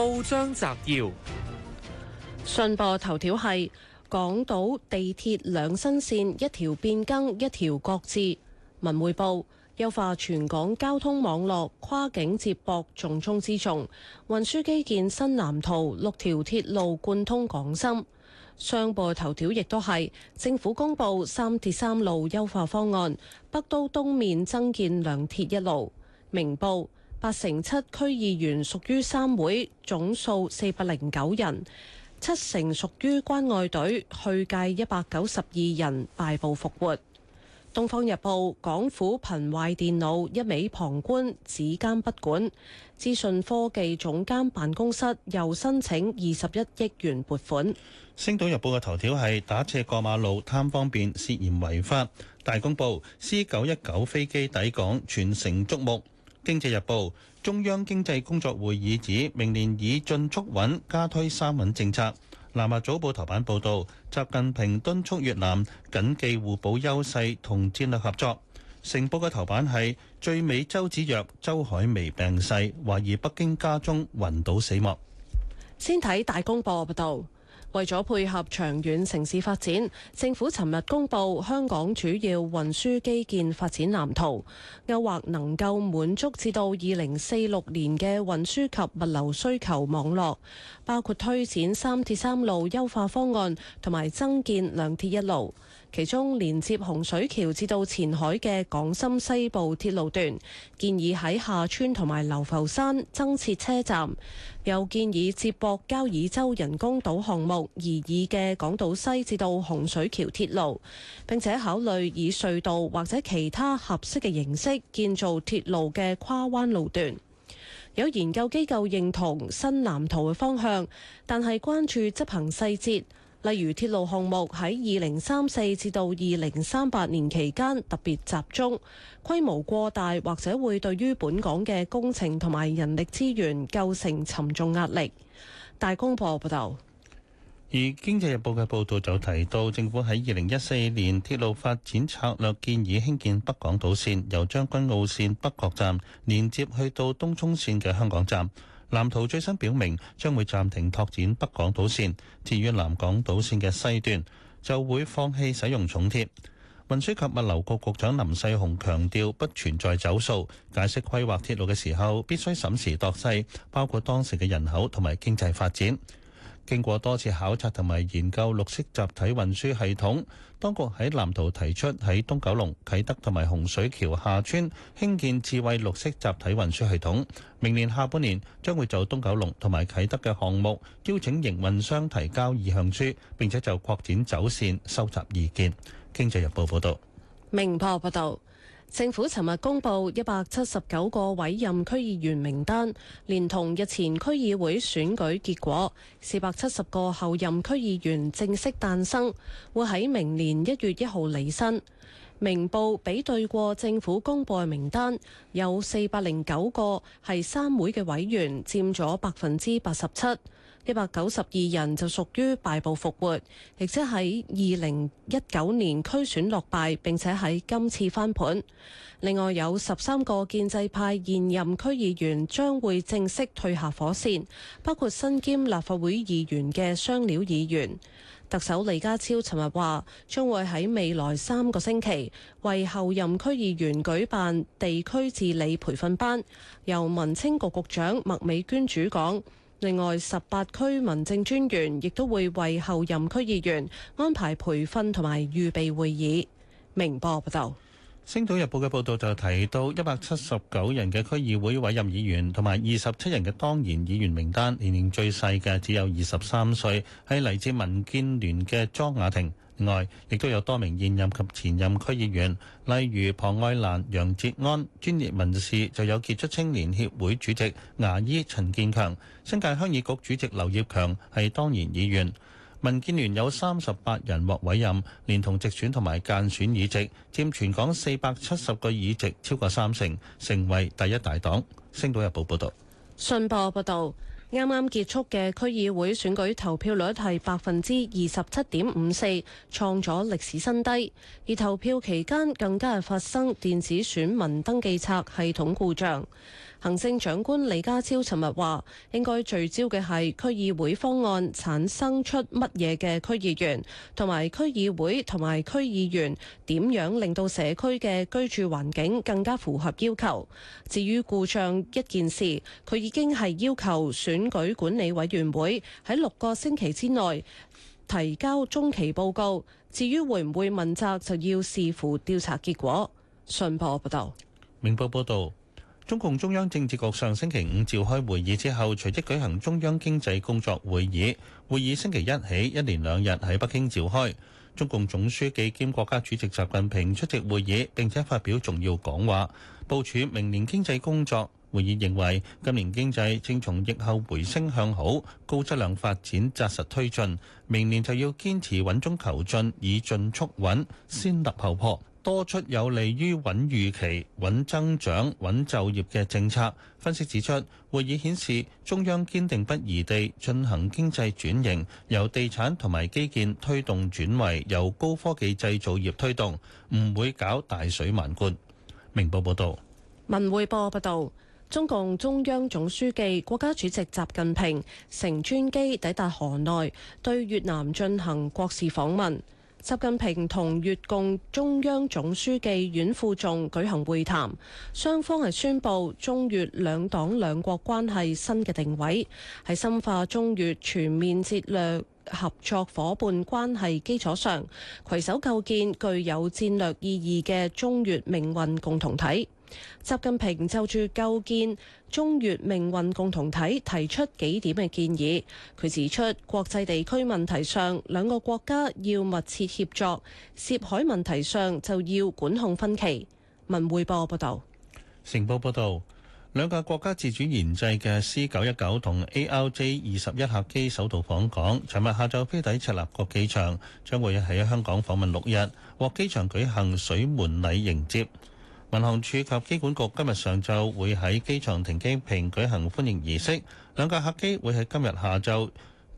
報章摘要：信報頭條係港島地鐵兩新線，一條變更一條擱置。文匯報優化全港交通網絡，跨境接駁重中之重。運輸基建新藍圖，六條鐵路貫通港深。商報頭條亦都係政府公布三鐵三路優化方案，北都東面增建兩鐵一路。明報。八成七區議員屬於三會，總數四百零九人，七成屬於關愛隊。去屆一百九十二人敗部復活。《東方日報》港府頻壞電腦，一味旁觀，只監不管。資訊科技總監辦公室又申請二十一億元撥款。《星島日報》嘅頭條係打車過馬路貪方便涉嫌違法。大公報 C 九一九飛機抵港，全城矚目。經濟日報：中央經濟工作會議指，明年以“進促穩、加推三穩”政策。南華早報頭版報道，習近平敦促越南謹記互補優勢同戰略合作。成報嘅頭版係最美周芷若，周海媚病逝，懷疑北京家中暈倒死亡。先睇大公報報道。為咗配合長遠城市發展，政府尋日公布香港主要運輸基建發展藍圖，勾畫能夠滿足至到二零四六年嘅運輸及物流需求網絡，包括推展三鐵三路優化方案，同埋增建兩鐵一路。其中連接洪水橋至到前海嘅港深西部鐵路段，建議喺廈村同埋流浮山增設車站；又建議接駁交椅洲人工島項目而二嘅港島西至到洪水橋鐵路，並且考慮以隧道或者其他合適嘅形式建造鐵路嘅跨灣路段。有研究機構認同新藍圖嘅方向，但係關注執行細節。例如鐵路項目喺二零三四至到二零三八年期間特別集中，規模過大或者會對於本港嘅工程同埋人力資源構成沉重壓力。大公報報道而。而經濟日報嘅報導就提到，政府喺二零一四年鐵路發展策略建議興建北港島線，由將軍澳線北角站連接去到東涌線嘅香港站。藍圖最新表明將會暫停拓展北港島線，至於南港島線嘅西段就會放棄使用重鐵。運輸及物流局局長林世雄強調不存在走數，解釋規劃鐵路嘅時候必須審時度勢，包括當時嘅人口同埋經濟發展。經過多次考察同埋研究綠色集體運輸系統，當局喺藍圖提出喺東九龍啟德同埋洪水橋下村興建智慧綠色集體運輸系統。明年下半年將會就東九龍同埋啟德嘅項目邀請營運商提交意向書，並且就擴展走線收集意見。經濟日報報道，明報報道。政府尋日公布一百七十九個委任區議員名單，連同日前區議會選舉結果，四百七十個候任區議員正式誕生，會喺明年一月一號離身。明報比對過政府公佈嘅名單，有四百零九個係三會嘅委員，佔咗百分之八十七。一百九十二人就屬於敗部復活，亦即喺二零一九年區選落敗，並且喺今次翻盤。另外有十三個建制派現任區議員將會正式退下火線，包括身兼立法會議員嘅雙料議員。特首李家超尋日話，將會喺未來三個星期為後任區議員舉辦地區治理培訓班，由民青局局長麥美娟主講。另外，十八區民政專員亦都會為候任區議員安排培訓同埋預備會議。明報報道。星島日報嘅報道就提到，一百七十九人嘅區議會委任議員同埋二十七人嘅當然議員名單，年齡最細嘅只有二十三歲，係嚟自民建聯嘅莊雅婷。另外，亦都有多名現任及前任區議員，例如龐愛蘭、楊哲安。專業人士就有傑出青年協會主席牙醫陳建強，新界鄉議局主席劉業強係當然議員。民建聯有三十八人獲委任，連同直選同埋間選議席，佔全港四百七十個議席，超過三成，成為第一大黨。星島日報報道。信報報道，啱啱結束嘅區議會選舉投票率係百分之二十七點五四，創咗歷史新低，而投票期間更加係發生電子選民登記冊系統故障。行政長官李家超尋日話，應該聚焦嘅係區議會方案產生出乜嘢嘅區議員，同埋區議會同埋區議員點樣令到社區嘅居住環境更加符合要求。至於故障一件事，佢已經係要求選舉管理委員會喺六個星期之內提交中期報告。至於會唔會問責，就要視乎調查結果。信報報道，明報報道。中共中央政治局上星期五召開會議之後，隨即舉行中央經濟工作會議。會議星期一起一連兩日喺北京召開，中共總書記兼國家主席習近平出席會議，並且發表重要講話，部署明年經濟工作。會議認為，今年經濟正從疫後回升向好，高質量發展紮實推進，明年就要堅持穩中求進，以進促穩，先立後破。多出有利於穩預期、穩增長、穩就業嘅政策。分析指出，會議顯示中央堅定不移地進行經濟轉型，由地產同埋基建推動轉為由高科技製造業推動，唔會搞大水漫灌。明報報道，文匯報報道，中共中央總書記、國家主席習近平乘專機抵達河內，對越南進行國事訪問。習近平同越共中央總書記阮富仲舉行會談，雙方係宣布中越兩黨兩國關係新嘅定位，喺深化中越全面戰略合作夥伴關係基礎上，攜手構建具有戰略意義嘅中越命運共同體。習近平就住構建中越命運共同體提出幾點嘅建議。佢指出，國際地區問題上，兩個國家要密切協作；涉海問題上，就要管控分歧。文匯報報道，成報報道，兩個國家自主研製嘅 C 九一九同 ARJ 二十一客機首度訪港。尋日下晝飛抵赤鱲角機場，將會喺香港訪問六日，獲機場舉行水門禮迎接。民航處及機管局今日上晝會喺機場停機坪舉行歡迎儀式，兩架客機會喺今日下晝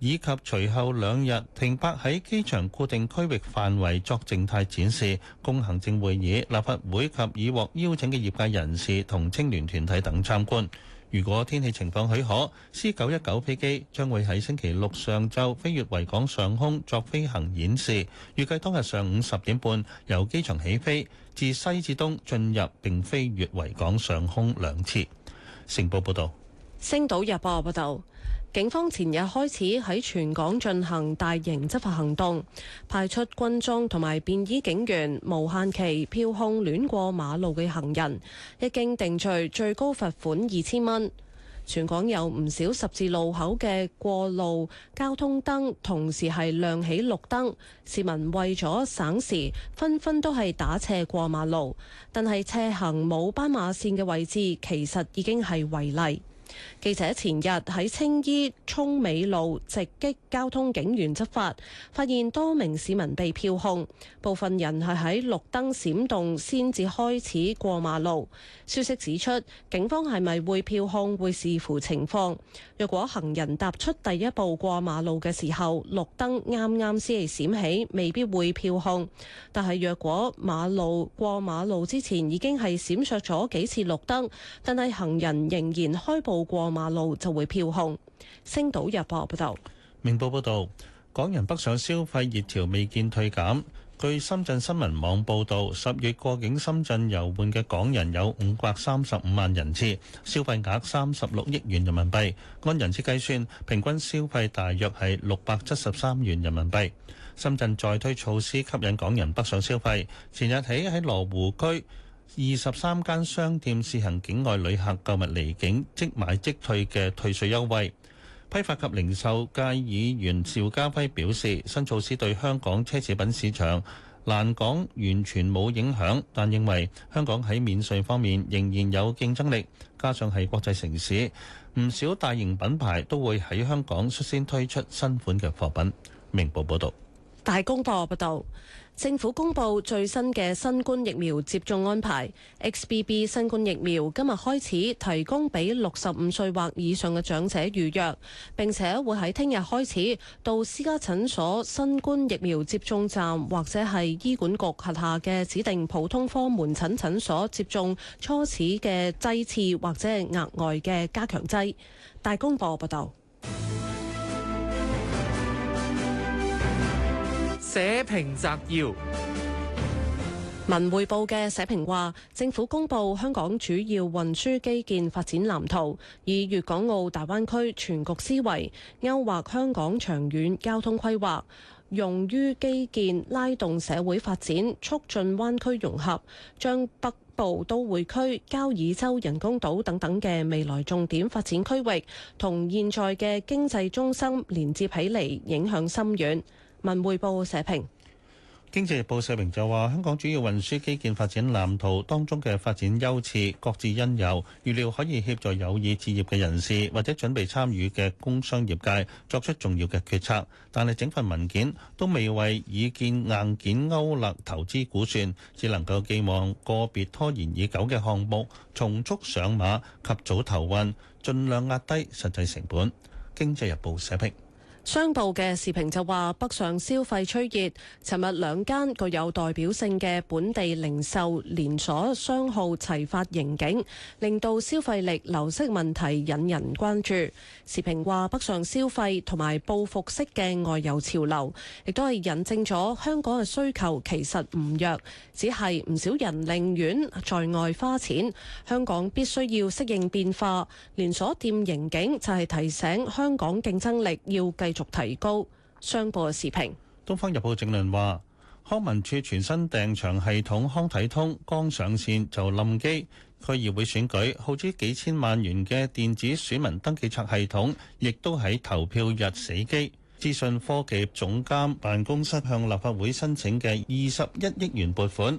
以及隨後兩日停泊喺機場固定區域範圍作靜態展示，供行政會議、立法會及已獲邀請嘅業界人士同青聯團體等參觀。如果天氣情況許可，C 九一九飛機將會喺星期六上晝飛越維港上空作飛行演示。預計當日上午十點半由機場起飛，自西至東進入並飛越維港上空兩次。成報報導。星島日報報道。警方前日開始喺全港進行大型執法行動，派出軍裝同埋便衣警員，無限期票控亂過馬路嘅行人，一經定罪最高罰款二千蚊。全港有唔少十字路口嘅過路交通燈同時係亮起綠燈，市民為咗省時，紛紛都係打斜過馬路，但係斜行冇斑馬線嘅位置，其實已經係違例。記者前日喺青衣涌美路直擊交通警員執法，發現多名市民被票控，部分人係喺綠燈閃動先至開始過馬路。消息指出，警方係咪會票控，會視乎情況。若果行人踏出第一步過馬路嘅時候，綠燈啱啱先嚟閃起，未必會票控。但係若果馬路過馬路之前已經係閃爍咗幾次綠燈，但係行人仍然開步，過馬路就會票控。星島日報報道，明報報道，港人北上消費熱潮未見退減。據深圳新聞網報道，十月過境深圳遊玩嘅港人有五百三十五萬人次，消費額三十六億元人民幣。按人次計算，平均消費大約係六百七十三元人民幣。深圳再推措施吸引港人北上消費，前日起喺羅湖區。二十三間商店試行境外旅客購物離境即買即退嘅退稅優惠。批發及零售界議員邵家輝表示，新措施對香港奢侈品市場難講完全冇影響，但認為香港喺免稅方面仍然有競爭力，加上係國際城市，唔少大型品牌都會喺香港率先推出新款嘅貨品。明報報道。大公報報導。政府公布最新嘅新冠疫苗接種安排，XBB 新冠疫苗今日開始提供俾六十五歲或以上嘅長者預約，並且會喺聽日開始到私家診所、新冠疫苗接種站或者係醫管局轄下嘅指定普通科門診診所接種初始嘅劑次或者係額外嘅加強劑。大公報報道。社評摘要：文匯報嘅社評話，政府公布香港主要運輸基建發展藍圖，以粵港澳大灣區全局思維，勾畫香港長遠交通規劃，用於基建拉動社會發展，促進灣區融合，將北部都會區、交椅洲人工島等等嘅未來重點發展區域同現在嘅經濟中心連接起嚟，影響深遠。文匯報社評。經濟日報社評就話，香港主要運輸基建發展藍圖當中嘅發展優次各自因由，預料可以協助有意置業嘅人士或者準備參與嘅工商業界作出重要嘅決策。但係整份文件都未為已建硬件勾勒投資估算，只能夠寄望個別拖延已久嘅項目重速上馬及早投運，盡量壓低實際成本。經濟日報社評。商報嘅時評就話：北上消費趨熱，尋日兩間具有代表性嘅本地零售連鎖商號齊發盈警，令到消費力流失問題引人關注。時評話：北上消費同埋報復式嘅外遊潮流，亦都係引證咗香港嘅需求其實唔弱，只係唔少人寧願在外花錢。香港必須要適應變化，連鎖店盈警就係提醒香港競爭力要繼續續提高。相時評，商報視評。東方日報正論話，康文署全新訂場系統康體通剛上線就冧機，區議會選舉耗資幾千萬元嘅電子選民登記冊系統亦都喺投票日死機。資訊科技總監辦公室向立法會申請嘅二十一億元撥款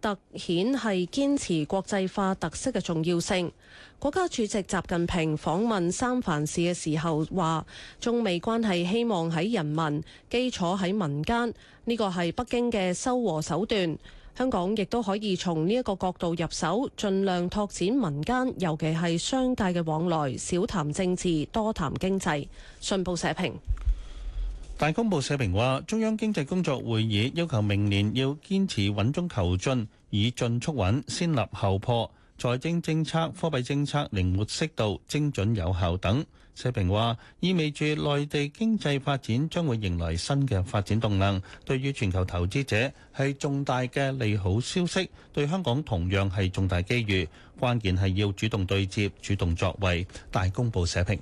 凸顯係堅持國際化特色嘅重要性。國家主席習近平訪問三藩市嘅時候話，中美關係希望喺人民，基礎喺民間，呢個係北京嘅收和手段。香港亦都可以從呢一個角度入手，盡量拓展民間，尤其係商界嘅往來，少談政治，多談經濟。信報社評。大公報社評話，中央經濟工作會議要求明年要堅持穩中求進，以進促穩，先立後破，財政政策、貨幣政策靈活適度、精準有效等。社評話，意味住內地經濟發展將會迎來新嘅發展動能，對於全球投資者係重大嘅利好消息，對香港同樣係重大機遇。關鍵係要主動對接、主動作為。大公報社評。